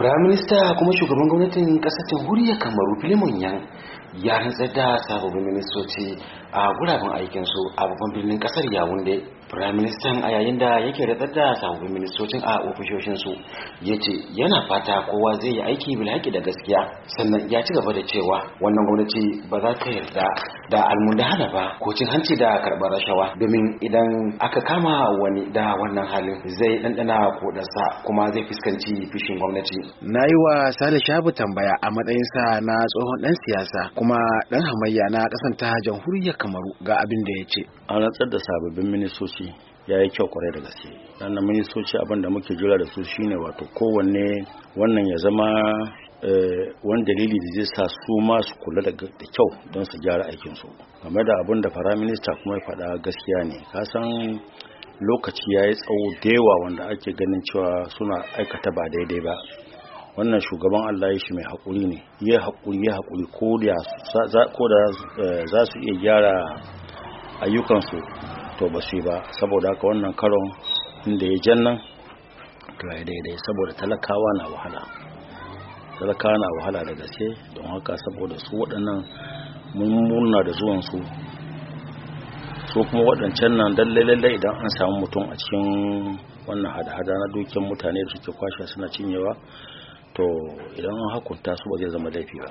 Prime kuma shugaban gwamnatin ƙasar jamhuriyar Kamaru Filimon Yan ya rantsar da sababbin ministoci a guraben aikinsu a babban birnin ƙasar Yawunde. Prime Minister a yayin da yake rantsa da sababbin ministocin a ofishoshinsu ya ce yana fata kowa zai yi aiki bilhaki da gaskiya sannan ya ci gaba da cewa wannan gwamnati ba za ta yarda da almundahana ba ko cin hanci da karɓar rashawa domin idan aka kama wani da wannan halin zai ɗanɗana ko ɗansa kuma zai fuskanci fishin gwamnati na yi wa sale shabu tambaya a matsayin matsayinsa na tsohon dan siyasa kuma dan hamayya na kasan ta jamhuriyar kamaru ga abin da ya ce A rantsar da sababbin ministoci ya yi kyau kwarai da gaske sannan ministoci abin da muke jira da su shine wato kowanne wannan ya zama eh, wani dalili da zai sa su masu kula da kyau don su gyara aikin su, game da abin da minista kuma ya faɗa gaskiya ne kasan lokaci ya yi tsawo da wanda ake ganin cewa suna aikata ba daidai ba wannan shugaban Allah ya shi mai haƙuri ne ya haƙuri ya haƙuri ko da eh, za su iya gyara ayyukansu to ba su yi ba saboda haka wannan karon inda ya jannan to ya daidai saboda talakawa na wahala talakawa na wahala da gaske don haka saboda su waɗannan mummuna da zuwansu su kuma waɗancan nan dan lallai idan an samu mutum a cikin wannan hada-hada na dukiyar mutane da suke kwashe suna cinyewa to idan an hakunta su ba zai zama laifi ba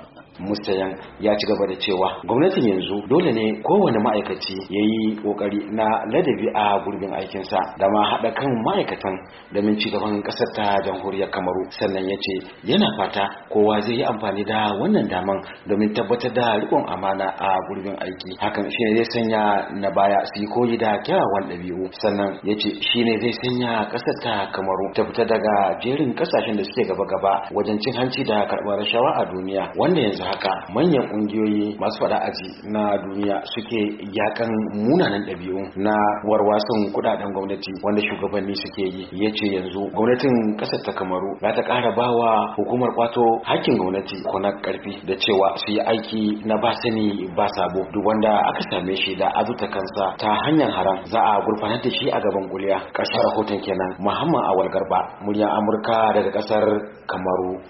mustayan ya ci gaba da cewa gwamnatin yanzu dole ne kowane ma'aikaci ya yi kokari na ladabi a gurbin aikinsa da ma haɗa kan ma'aikatan domin ci gaban ƙasar ta jamhuriyar kamaru sannan ya ce yana fata kowa zai yi amfani da wannan daman domin tabbatar da riƙon amana a gurbin aiki hakan shi ne zai sanya na baya su yi koyi da kyawawan ɗabi'u sannan ya ce shi ne zai sanya ƙasar ta kamaru ta fita daga jerin ƙasashen da suke gaba-gaba wajen cin hanci da karɓar rashawa a duniya wanda yanzu haka manyan ƙungiyoyi masu faɗa aji na duniya suke yakan munanan ɗabi'u na warwasan kuɗaɗen gwamnati wanda shugabanni suke yi ya ce yanzu gwamnatin ƙasar ta kamaru za ta ƙara ba wa hukumar kwato hakkin gwamnati na ƙarfi da cewa su yi aiki na ba sani ba sabo duk wanda aka same shi da azuta kansa ta hanyar haram za a gurfanar da shi a gaban kuliya ƙarshen rahoton kenan muhammad awal garba muryar amurka daga ƙasar kamaru ఉన్నారు